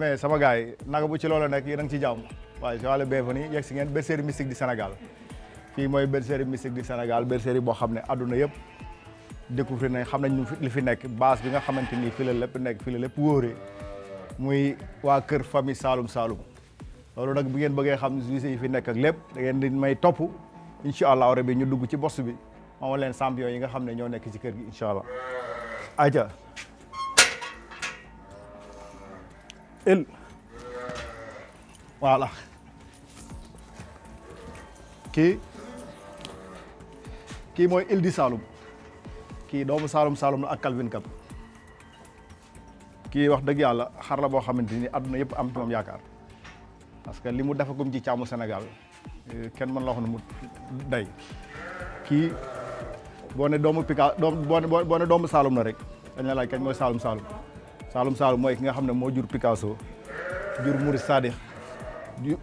mais sama gars yi bu ci loola nekk yéen a ngi ci jàmm waaye si wàllu bienvenue yegg si ngeen bergerie mystique du Sénégal fii mooy bergerie mystique du Sénégal bergerie boo xam ne adduna yëpp découvrir nañ xam nañ li fi nekk base bi nga xamante ni fii la lépp nekk fii la lépp wóoree muy waa kër famille Saloum saalum loolu nag bu ngeen bëggee xam yi fi nekk ak lépp da ngeen di may topp incha allah rabi ñu dugg ci bos bi ma leen champion yi nga xam ne ñoo nekk ci kër gi incha allah aja L voilà kii kii mooy Île du Saloum kii doomu Saloum Saloum la ak Calvin Cap kii wax dëgg yàlla xar la boo xamante ni àdduna yëpp am ci moom yaakaar parce que li mu defagum ci caamu senegal euh, kenn mën la wax ne mu day kii boo ne doomu Pika boo ne doomu Saloum la rek dañ la laaj kañ mooy Saloum Saloum. Saalum Saalum mooy ki nga xam ne moo jur Picasso jur Mourid Sadikh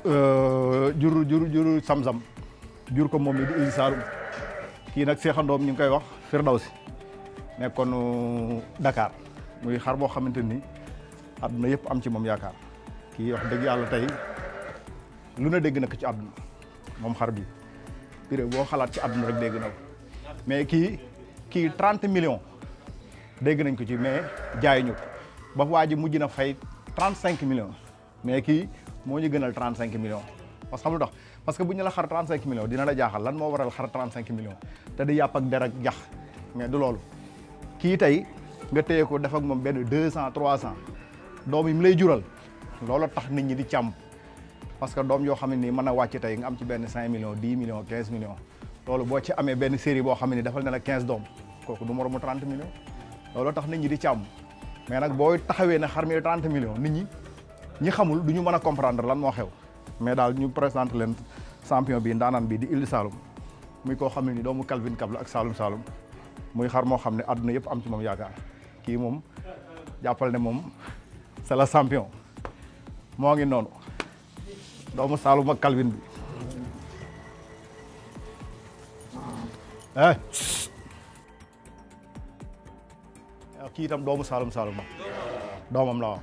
euh, jur jur Samsam jur ko moom mi di Idi Saalum kii nag seexandoom ñu ngi koy wax Firdawsi nekkoon euh, Dakar muy xar boo xamante ni àdduna yëpp am ci moom yaakaar kii wax dëgg yàlla tey lu ne dégg na ko ci àdduna moom xar bi pire boo xalaat ci àdduna rek dégg na mais kii kii trente million dégg nañ ko ci mais jaayuñu ko ba waa ji mujj na fay trente cinq million mais kii moo ñu gënal trente cinq millions parce que xam lu tax parce que bu ñu la xar trente cinq millions dina la jaaxal moo waral xar trente cinq millions te di yàpp ak der ak loolu kii tey nga def ak moom benn deux cent cent doom yi mu lay jural loolu tax nit ñi di càmm parce que doom yoo xam ne nii a wàcc tey nga am ci benn cinq millions dix millions quinze millions loolu boo ci amee benn série boo xam ne ni dafal ne la quinze doom kooku du moromu trente millions loolu tax nit ñi di càmm mais nag booy taxawee ne xar mi 30 millions nit ñi ñi xamul du ñu mën a comprendre lan moo xew mais daal ñu présente leen champion bi ndaanaan bi di Ili Saloum muy koo xam ne ni doomu Calvin Kabla ak Saloum Saloum muy xar moo xam ne àdduna yëpp am ci moom yaakaar kii moom jàppal ne moom c'est la champion moo ngi noonu doomu Saloum ak Calvin bi eh! kii itam doomu Saalum Saalum doomam la waaw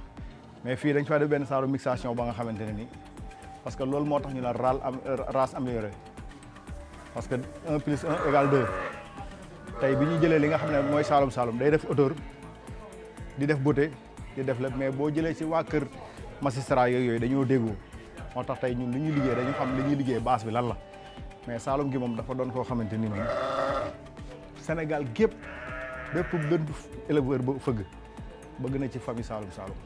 mais fii dañ fay def benn saaru mixation ba nga xamante ne nii parce que loolu moo tax ñu la raal am am améliorée parce que en plus en égale deux tey bi ñuy jëlee li nga xam ne mooy Saalum Saalum day def hauteur di def beauté di def lépp mais boo jëlee si waa kër magistrat yooyu yooyu dañoo déggoo moo tax tey ñun li ñuy liggéey dañu xam li ñuy liggéey base bi lan la mais Saalum gi moom dafa doon koo xamante ni moom Sénégal gépp bépp bépp éleveur ba fëgg bëgg na ci famille Saalum Saalum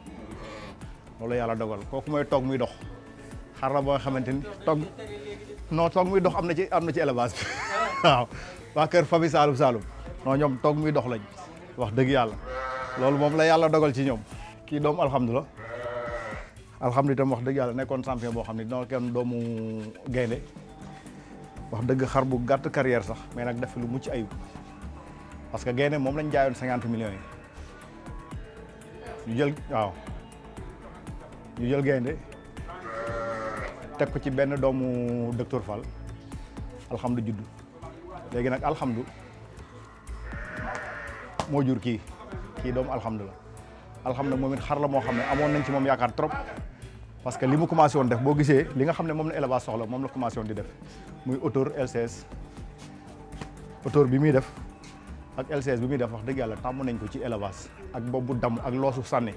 loolu yàlla dogal kooku mooy toog muy dox xar la boo xamante ni toog noo toog muy dox am na ci am na ci élevage waaw waa kër famille Saalum Saalum non ñoom toog muy dox lañ wax dëgg yàlla loolu moom la yàlla dogal ci ñoom kii doomu alhamdulilah alhamdulilah tam wax dëgg yàlla nekkoon champion boo xam ne dina kenn doomu gaynde wax dëgg xar bu gàtt carrière sax mais nag def lu mucc ayib parce que gaynde moom lañ jaayoon cinquante millions yi ñu jël waaw ñu jël gaynde teg ko ci benn doomu docteur Fall alhamdu juddu léegi nag alhamdu moo jur kii kii doom alhamdu la alhamdu moom it xar la moo xam ne amoon nañ ci moom yaakaar trop parce que li mu commencé woon def boo gisee li nga xam ne moom na élevage soxla moom la commencé woon di def muy auteur LCS auteur bi muy def ak LCS bi muy def wax dëgg yàlla tàmm nañ ko ci élevage ak boobu dam ak loosu sànni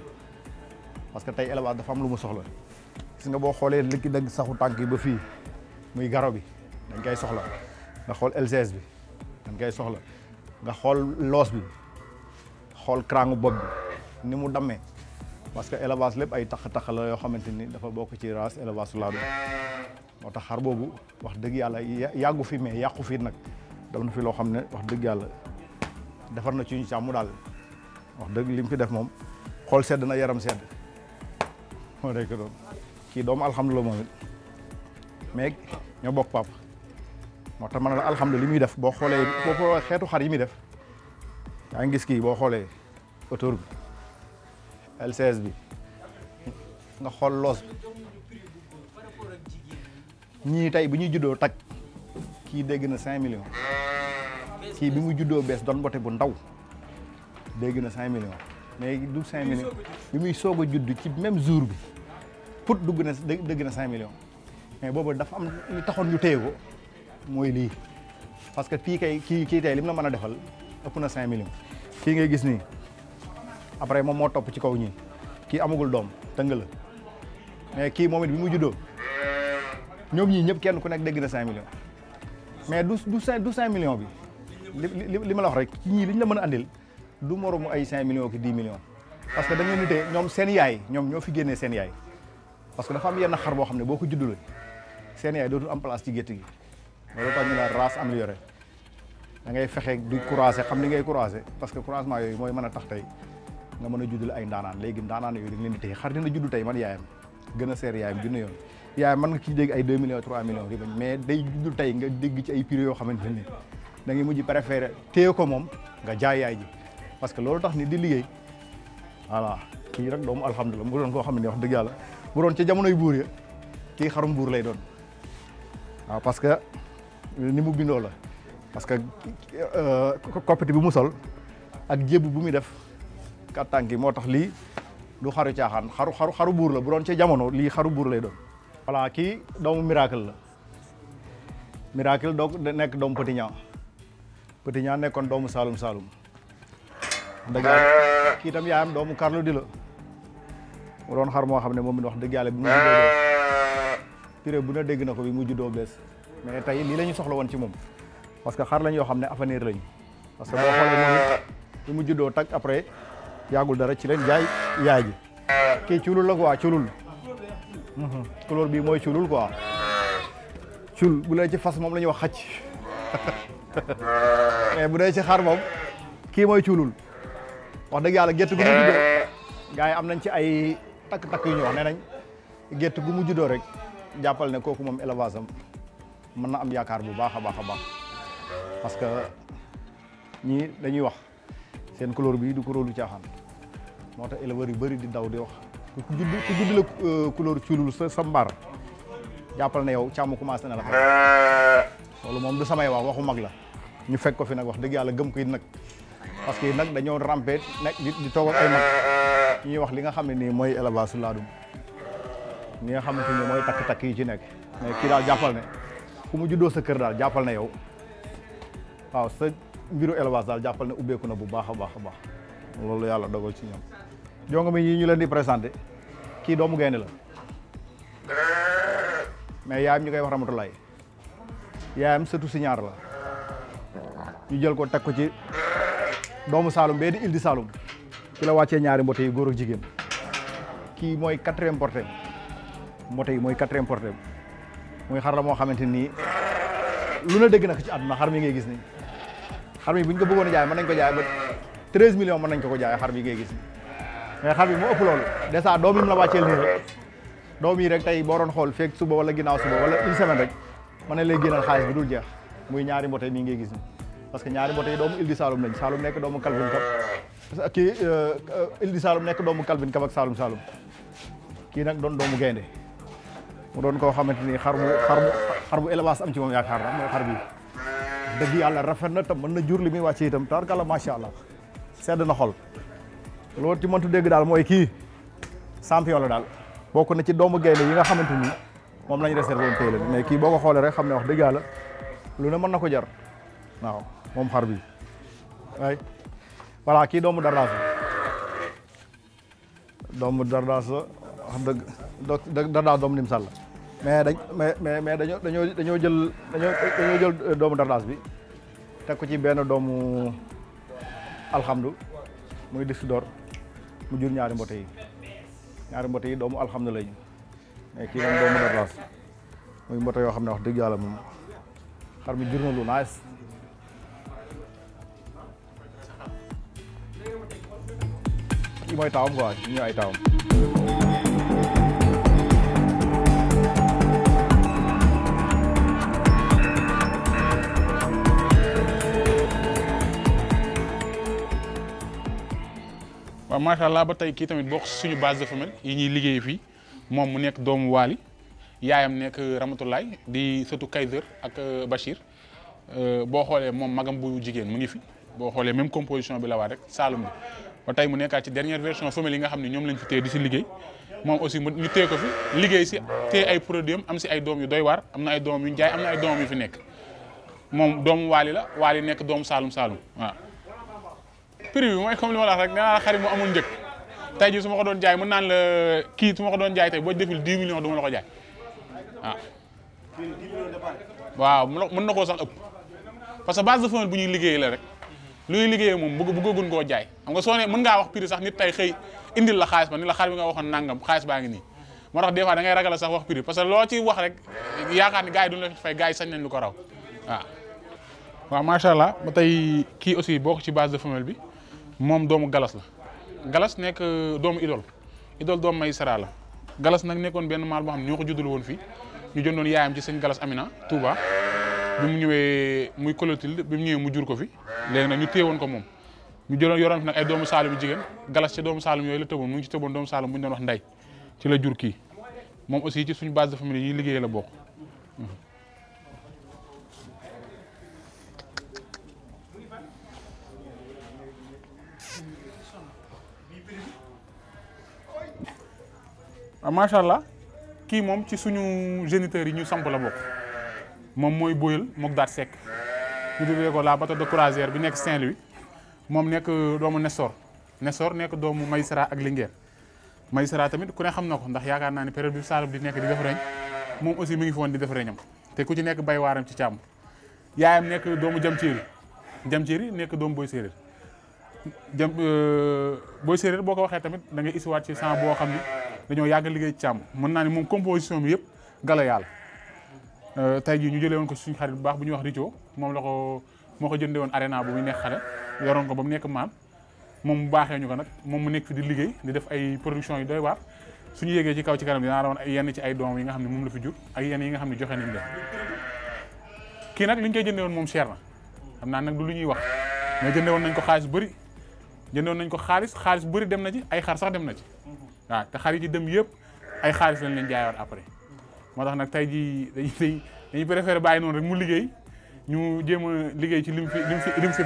parce que tey élevage dafa am lu mu soxla gis nga boo xoolee lëkki dagg saxu tànk yi ba fii muy garo bi dañ koy soxla nga xool LCS bi dañ koy soxla nga xool loos bi xool crangu bopp bi ni mu dammee parce que élevage lépp ay tax-tax la yoo xamante ni dafa bokk ci race élevage laadum moo tax xar boobu wax dëgg yàlla yàggu fi mais yàqu fi nag dam na fi loo xam ne wax dëgg yàlla defar na ci ñu càmm daal wax dëgg li mu fi def moom xool sedd na yaram sedd moo nekk doon kii doomu alhamdulilah moom it mais ñoo bokk papa moo tax ma la alhamdulilah li muy def boo xoolee boo xoolee xeetu xar yi muy def yaa ngi kii boo xoolee autour bi LCS nga xool loos bi ñii tey bu ñuy juddoo takk kii dégg na cinq millions kii bi mu juddoo bees doon mbote bu ndaw dégg na cinq millions mais du cinq millions bi muy soog a judd ci même jour bi pour dugg na dëgg na cinq million mais boobu dafa am li taxoon ñu téye ko mooy lii parce que fii kay kii kii tey li mu la mën a defal ëpp na cinq millions kii ngay gis nii après moom moo topp ci kaw ñi kii amagul doom tëng la mais kii moom it bi mu juddoo ñoom ñii ñëpp kenn ku nekk dégg na cinq millions mais du du cinq million bi li ma la wax rek ci ñii li la mën a andil du moromu ay 5 millions parce que dañoo nitee ñoom seen yaay ñoom ñoo fi génnee seen yaay parce que am yenn xar xam ne boo ko juddule seen yaay dootul am place ci gi loolu tax ñu la race améliorée da ngay fexe di croiser xam li ngay croiser parce que croisement yooyu mooy mën a tax tey nga mën a juddul ay ndaanaan léegi ndaanaan yooyu dañ leen di tey xar dina juddu tey man yaayam gën a seer yaayam junne yoon yaayam mën nga ci dégg ay 2 millions 3 millions mais day tey nga dégg ci ay prix yoo xamante ne da ngay mujj préféré téye ko moom nga jaay yaay ji parce que loolu tax nit di liggéey voilà kii rek doomu alhamdulilah mu doon koo xam ne wax dëgg yàlla bu doon ca jamonoy buur ya kii lay doon waaw parce que ni la parce que euh, coppite bi mu sol ak jébb bu muy def kàttank yi moo tax lii du xaru caaxaan xaru xaru buur la bu doon ca jamono lii xaru buur lay doon voilà kii doomu miracle la miracle donc nekk doomu Petit ñaa Petit Niang nekkoon doomu Saalum Saalum. daga kii itam yaayam doomu Carlo di la. mu doon xar moo xam ne moom it wax dëgg yàlla bi mu juddoo bu ne dégg na ko bi mujj doo bees mais tey lii lañu soxla woon ci moom parce que xar lañ yoo xam ne avenir lañ. parce que boo xoolee moom it bi après yàggul dara ci leen jaay yaay ji. kii culul la quoi mhm. bii mooy culul quoi. cul bu moom la ñuy wax xac mais eh, bu dee ci xar moom kii mooy cuulul wax dëgg yàlla gétt gu mu juddoo gars yi am nañ ci ay takk-takk yu ñu wax ne nañ gu mu juddoo rek jàppal ne kooku moom élevage am mën na am yaakaar bu baax a baax a baax parce que ñii dañuy wax seen couleur bi du couleur lu caaxaan moo tax éleveurs yu bëri di daw di wax ku judd ku judd la euh, couleur cuulul sa sa jàppal ne yow càmm commencé na la xam eh. loolu moom du samay wax waxu mag la ñu fekk ko fi nag wax dëgg yàlla gëm ko it nag parce que nag dañoo rampé nekk di toog ak ay mag ñuy wax li nga xam ne nii mooy élevage su laadum li nga xamante ni mooy takk-takk yi ci nekk mais kii daal jàppal ne ku mu juddoo sa kër daal jàppal ne yow waaw sa mbiru élevage daal jàppal ne ubbeeku na bu baax a baax a baax loolu yàlla dogol ci ñoom jongo mi yi ñu leen di présenté kii doomu gaynde la mais yaayam ñu koy wax ramatulaay yaayam sëtu si ñaar la ñu jël ko teg ko ci doomu Saalum bee di Île du Saloum ci la wàccee ñaari mbote yi góor ak jigéen kii mooy quatrième portée mbote yi mooy quatrième portée mooy xar la moo xamante nii lu na dégg na ko ci àdduna xar mi ngay gis ni xar mi bu ñu ko bëggoon a jaay mën nañ ko jaay ba treize millions mën nañ ko ko jaay xar nga ngay gis ni mais xar bi mu ëpp loolu dèjà doom yi mu la wàcceel nii rek doom yi rek tey boo doon xool feeg suba wala ginnaaw suba wala une semaine rek ma ne lay génnal xaalis bi dul jeex muy ñaari mbote nii ngay gis ni parce que ñaari mbote yi doomu Île du Saloum lañ Saloum nekk doomu Calvin Kap kii euh, Île du Saloum nekk doomu Calvin Kap ak Saloum Saloum kii nag doon doomu gaynde mu doon koo xamante ni xar bu xar bu xar am ci moom yaakaar na mooy xar bi dëgg yàlla rafet na tam mën na jur li muy wàcce itam tabarkàlla macha allah sedd na xol loolu ci mëntu dégg daal mooy kii champion la daal bokk na ci doomu gaynde yi nga xamante ni moom lañu réservé woon tey la mais kii boo ko xoolee rek xam ne wax dëgg yàlla lu ne mën na ko jar waaw moom xar bi ay voilà kii doomu dardaas doomu dardaas wax dëgg dardaas doomu nim sàll mais dañ mais mais mais dañoo dañoo dañoo jël dañoo dañoo jël doomu dardaas bi teg ko ci benn doomu alhamdu muy disque d'or mu jur ñaari mbote yi ñaari mbote yi doomu alhamdu kii moom doomu Darlaas muy mboota yoo xam ne wax dëgg yàlla moom xar mi jur na lu nice kii mooy taawam quoi ñu ay taawam waaw macha allah ba tey kii tamit bokk suñu base de femelle yi ñuy liggéey fii moom mu nekk doomu Waali yaayam nekk Ramatoulaye di sëtu Kaiser ak euh, Bachir euh, boo xoolee moom magam bu jigéen mu ngi fi boo xoolee même composition bi la waat rek Saalum bi ba tey mu nekkaat ci dernière version femelle yi nga xam ne ñoom lañ fi téye di si liggéey moom aussi ñu téye ko fi liggéey si téye ay produit am si ay doom yu doy waar am na ay doom yu jaay am na ay doom yu fi nekk moom doom Waali la Waali nekk doom Saalum Saalum waa prix mooy comme tey jii suma ko doon jaay mën naan la kii su ma ko doon jaay tey boo deful 10 millions du ma la ko jaay waaw. waaw na koo sax ëpp parce que base de bu ñuy liggéey la rek luy liggéey moom bëgg bëggagun koo jaay xam nga soo ne mën ngaa wax prix sax nit tey xëy indil la xaalis ba ni la xaalis bi nga waxoon nanga xaalis baa ngi nii moo tax des fois da ngay ragal sax wax prix parce que loo ci wax rek yaakaar ni gars yi duñ la fay gars yi sañ nañ lu ko raw waaw macha allah tey kii aussi bokk ci base de bi moom doomu galas la galas nekk euh, doomu idol idol doomu may sara la galas nag nekkoon benn maal boo xam ñoo ko juddul woon fii ñu jëndoon yaayam ci sëñ galas Amina Touba bi mu ñëwee muy colotil bi mu ñëwee mu jur ko fi léegi nag ñu téye woon ko moom ñu jëloon yoroon fi nag ay doomu saalum jigéen galas ci doomu saalum yooyu la tëboon mu ngi ci tëboon doomu saalum bu ñu doon wax nday ci la jur kii moom aussi ci suñu base de famille yi liggéey la bokk Ah, macha allah kii moom ci suñu géniteurs yi ñu samp la bokk moom mooy Boyel mook daat Seck ñu tuddee ko la bateau de croisière bi nekk Saint-Louis moom nekk euh, doomu Nestor Nestor nekk doomu Maïsara ak Linguère Maïsara tamit ku ne xam na ko ndax yaakaar naa ne période bi Saalum di nekk di def reñ moom aussi mi ngi fi woon di def reñam te ku ci nekk bay waaram ci càmm yaayam nekk doomu jam ciiri jam ciiri nekk doomu boy séeréer jam euh, boo ko waxee tamit da ngay isiwaat boo xam ni dañoo yàgg liggéey ci càmm mën naa ne moom composition bi yëpp gala yàlla euh, tey jii ñu jëlee woon ko suñu xarit bu baax bu ñu wax Rico moom la ko moo ko jëndee woon arena bu muy nekk xale ko ba mu nekk maam moom mu baaxee ñu ko nag moom mu nekk di liggéey di def ay production yu doy waar suñu yéegee ci kaw ci kanam dinaa doon ay yenn ci ay doom yi nga xam ne moom la fi jur ak yenn yi nga xam ne joxe nañ leen kii nag li ñu koy jëndee woon moom cher na xam naa nag du lu ñuy wax mais jëndee woon nañ ko xaalis bëri jëndoon nañ ko xaalis xaalis dem na ci ay xar sax dem na ci waaw te xar yi ci dem yëpp ay xaalis la leen jaayoon après moo tax nag tey jii dañuy dañuy préféré bàyyi noonu rek mu liggéey ñu jéem a liggéey ci lim fi lim fi lim fi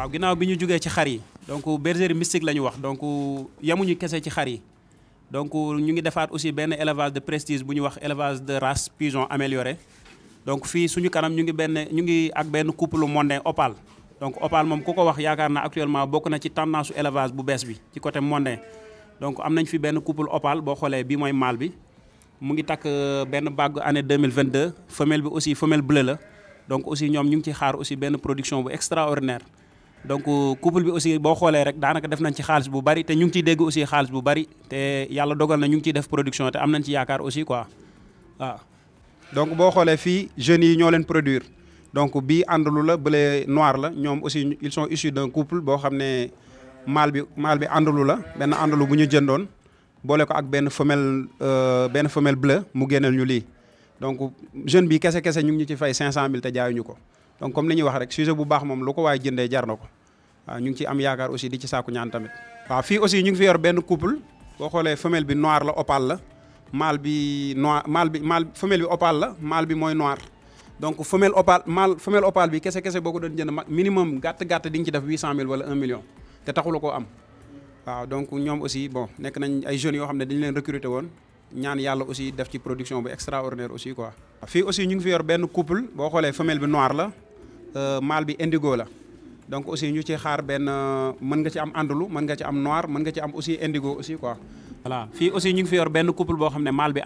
waaw ginnaaw bi ñu jógee ci xar yi donc bergerie mystique la ñu wax donc yamuñu kese ci xar yi donc ñu ngi defaat aussi benn élevage de prestige bu ñu wax élevage de race pigeon amélioré donc fii suñu kanam ñu ngi benn ñu ngi ak benn couple mondain opal donc opal moom ku ko wax yaakaar naa actuellement bokk na ci tendance élevage bu bees bi ci côté mondain donc am nañ fi benn couple opal boo xoolee bi mooy mâle bi mu ngi takk euh, benn bàgg année 2022 femelle bi aussi femelle bleue la donc aussi ñoom ñu ngi ci xaar aussi benn production bu extraordinaire donc euh, couple bi aussi boo xoolee rek daanaka def nañ ci xaalis bu bari te ñu ngi ciy dégg aussi xaalis bu bari te yàlla dogal na ñu ngi ciy def production te am nañ ci yaakaar aussi quoi waaw. donc boo xoolee fii jeunes yi ñoo leen produire donc bii àndalu la bale noir la ñoom aussi ils sont issus d'un couple boo xam ne mâle bi mâle bi àndalu la benn àndalu bu ñu jëndoon boole ko ak benn femelle euh, benn femelle bleu mu génneel ñu lii donc jeune bi kese kese ñu ngi ñu ci fay 500000 te jaayuñu ko. donc comme li ñuy wax rek sujet bu baax moom lu ko waay jëndee jar na ko waaw ñu ngi ci am yaakaar aussi di ci saaku ñaan tamit waaw fii aussi ñu ngi fi yor benn couple boo xoolee femelle bi noir la opale la mâle bi noir mâle bi mâle femelle bi opale la mâle bi mooy noir donc femelle opale mâle femelle opale bi kese kese boo ko doon jënd minimum gàtt gàtt di nga ci def 800000 wala 1 million te taxula koo am ñoom aussi bon nekk nañ ay jeunes yoo xam ne dañu leen recruter woon ñaan yàlla aussi def ci production bu extraordinaire aussi quoi. fii aussi ñu ngi fi yor benn couple boo xoolee femelle bi noir la. Euh, maal bi indigo la donc aussi ñu ci xaar benn euh, mën nga ci am àndulu mën nga ci am noir mën nga ci am aussi indigo aussi quoi. ñu fi yor benn couple xam ne maal bi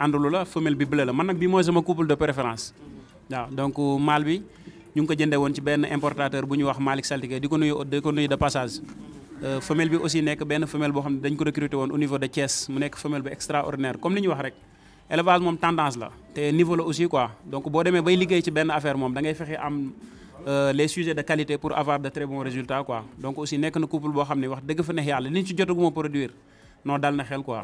donc euh, woon ci benn importateur bu ñu wax Malick Saltigué di ko nuyu di ko nuyu de passage. femelle bi aussi nekk benn boo demee bay liggéey ci benn affaire moom da ngay am. Euh, les sujets de qualité pour avoir de très bons résultats quoi donc aussi nekk na couple boo xam ne wax dëgg fa neex yàlla liñ ci jotaguma produire non dal na xel quoi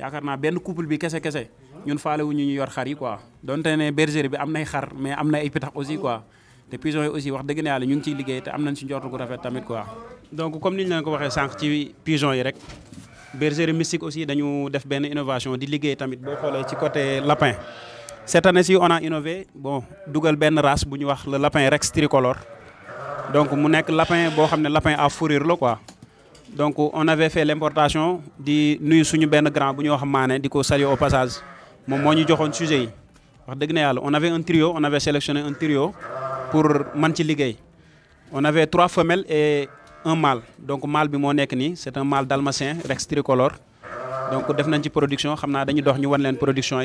yaakaar naa benn couple bi kese kese ñun faale wu ñu ñu yor xar yi quoi donte ne bergerie bi am nay xar mais am na ay pitax aussi quoi te pigeon yi aussi wax dëgg na yàlla ñu ngi ciy liggéey te am nañ ci njortu gu rafet tamit quoi. donc comme ni ñu leen ko waxee sànq ci pigeon yi rek bergerie mystique aussi dañu def benn innovation di liggéey tamit boo xoolee ci côté Cette année-ci, on a innové, bon, dugal ben race, le lapin rex tricolore. Donc, mon lapin, ne lapin à fourrir, là, quoi. Donc, on avait fait l'importation du nous sommes ben grand, bon, mané, du coup, salut au passage. Mon moi, nous avons sujet. On avait un trio, on avait sélectionné un trio pour liggéey On avait trois femelles et un mâle. Donc, le mâle, c'est un mâle dalmatien, rex tricolore. Donc, def nañ ci production, nous avons une production.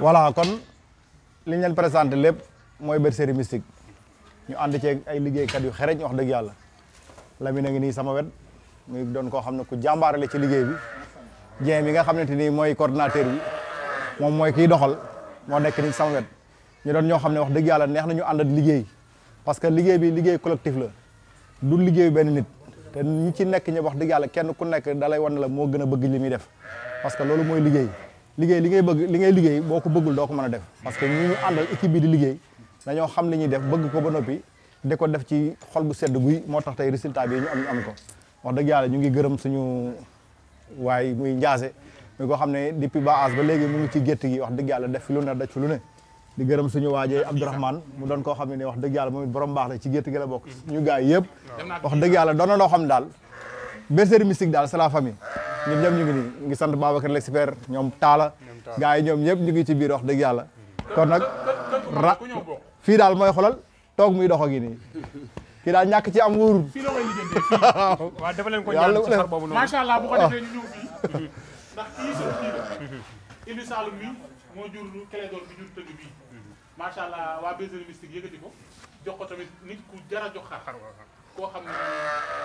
voilà kon li ñu lépp mooy bergerie mystique ñu ànd ceeg ay liggéeykat yu xereñ wax dëgg yàlla Lamine a ngi nii sama wet muy doon koo xam ne ku jàmbaarale ci liggéey bi Dieng bi nga xam ne mooy coordinateur bi moom mooy kiy doxal moo nekk nii sama wet ñu doon ñoo xam ne wax dëgg yàlla neex nañu ànd ak liggéey parce que liggéey bi liggéey collectif la du liggéey benn nit te ñi ci nekk ñi wax dëgg yàlla kenn ku nekk da lay wan la moo gën a bëgg li muy def parce que loolu mooy liggéey liggéey li ngay bëgg li ngay liggéey boo ko bëggul doo ko mën a def parce que ñi ñu àndal équipe bi di liggéey dañoo xam li ñuy def bëgg ko ba noppi di def ci xol bu sedd guy moo tax tey résultat bi ñu am ko wax dëgg yàlla ñu ngi gërëm suñu waaye muy njaase mi ko ne depuis ba as ba léegi mu ngi ci gétt gi wax dëgg yàlla def fi lu ne di gërëm suñu waajee Abdourahmane mu doon koo xam ne wax dëgg yàlla moom it la ci gétt gi la bokk mm-hmm. suñu gaay yëpp yàlla doon loo xam ne daal bergerie mystique daal c'est la famille ñoom ñëpp ngi sant Babacar l'expert ñoom Talla gars ñu ngi ci biir wax dëgg yàlla kon nag fii daal mooy xolal muy dox a ñàkk ci am wóorul waaw dafa leen ko allah bu ko defee ñu ñëw fii waa Bergerie ko jox tamit nit ku jar jox xar koo xam ne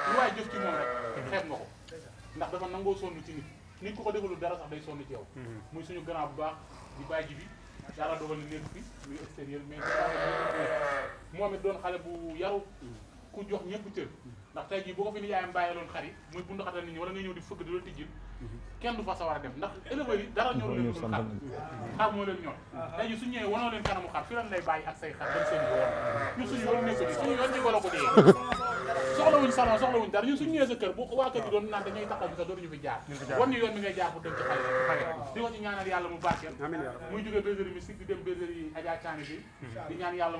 lu waay jëf ci moom rek xeeb nga ko ndax dafa nangoo sonn ci nit nit ku ko defalul dara sax day sonn ci yow. Mhm. muy suñu grand bu baax di bàyyi ji bi yàlla dogal na nekk fi muy extérieur moom it doon xale bu yaru ku jox ñëpp cër ndax tey jii boo ko fi ni yaayam bàyyiloon xar yi muy bundu xatal nit ñi wala nga ñëw di fëgg di la tijjil mhm. kenn du fa sawar a dem ndax éleveurs yi dara ñor leen dul xar mhm. xar moo leen ñor tey jii su ñëwee wanoo leen kanamu xar fi lan lay bàyyi ak say xar dem seen yoon ñu suñu yoon nekk di suñu ñu wala soxlawuñ salon soxlawuñ dara ñun suñu ñëwee sa kër bu waa kër gi doon naan dañuy taxaw bi sax fi jaar wan ñu yoon mi ngay jaar pour dem xale di ko ci ñaanal yàlla mu barkeel muy mm-hmm.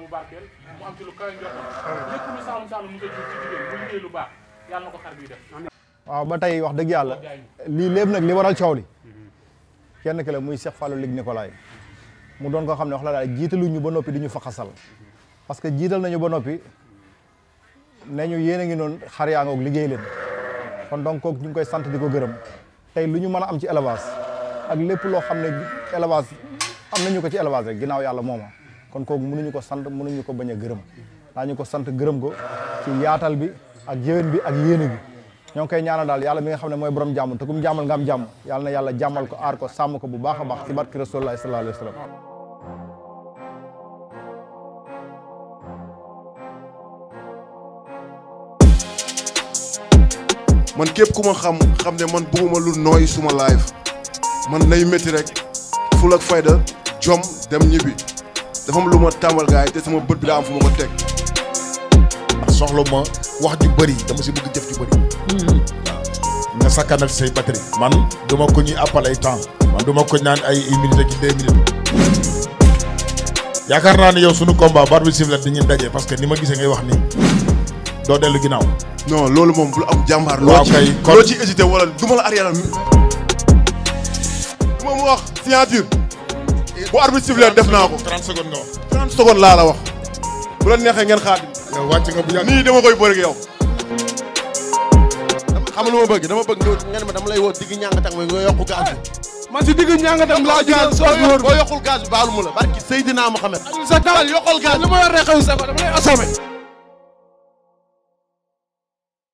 mu barkeel mu am ci lu kawe njortam lu saalum saalum mu jigéen bu liggéey lu baax yàlla na ko xar bi def waaw ba tey wax dëgg yàlla lii lépp nag li waral coow li mm-hmm. kenn ki la muy Cheikh Fallou Ligue Nicolas mu doon ko xam ne wax la daal ñu ba noppi di ñu fa xasal mm-hmm. parce que jiital nañu ba noppi nee ñu yéen a ngi noon xar yaa ngoog liggéey leen kon donc kooku ñu ngi koy sant di ko gërëm tey lu ñu mën a am ci élevage ak lépp loo xam ne élevage am nañu ko ci élevage rek ginnaaw yàlla mooma kon kooku mënuñu ko sant ñu ko bañ a gërëm ñu ko sant gërëm ko ci yaatal bi ak yéwén bi ak yéene bi ñoo ngi koy ñaanal daal yàlla mi nga xam ne mooy borom jàmm te kum jàmmal nga yàlla na yàlla jàmmal ko aar ko sàmm ko bu baax a baax ci man képp ku ma xam xam ne man bëgguma lu nooy suma live man nay metti rek ful ak fayda jom dem ñibbi dafa am lu ma tàmbal gaay te sama bët bi daa am fu ma ko teg. Ah, soxla ma wax ju bëri dama si bëgg jëf ju bëri. waaw hmm. nga sakkanal say batterie. man du ko ñuy appal ay temps. man du ko naan ay une minute ak deux minutes. yaakaar naa ne yow sunu combat bar bi siflet di ñu parce que ni ma gisee ngay wax nii. doo dellu ginnaaw. non loolu moom bu am jàmbaar. waaw kay kon loo ciy hésité wala du ma la arrière. du ma wax signature. bu arbitre sifflé def naa ko. 30 secondes laa la wax. bu la neexee ngeen xaar. yow wàcc nga bu yàgg nii dama koy bëri yow. xam lu ma bëgg dama bëgg ngeen ma dama lay woo digg ñàngatang mooy nga yokku gaz bi. man si digg ñàngatang laa gaz boo yokkul gaz bi baalu mu la. barki Seydina Mohamed. sa dawal yokkal gaz li ma yor rek xew sama dama lay assommé.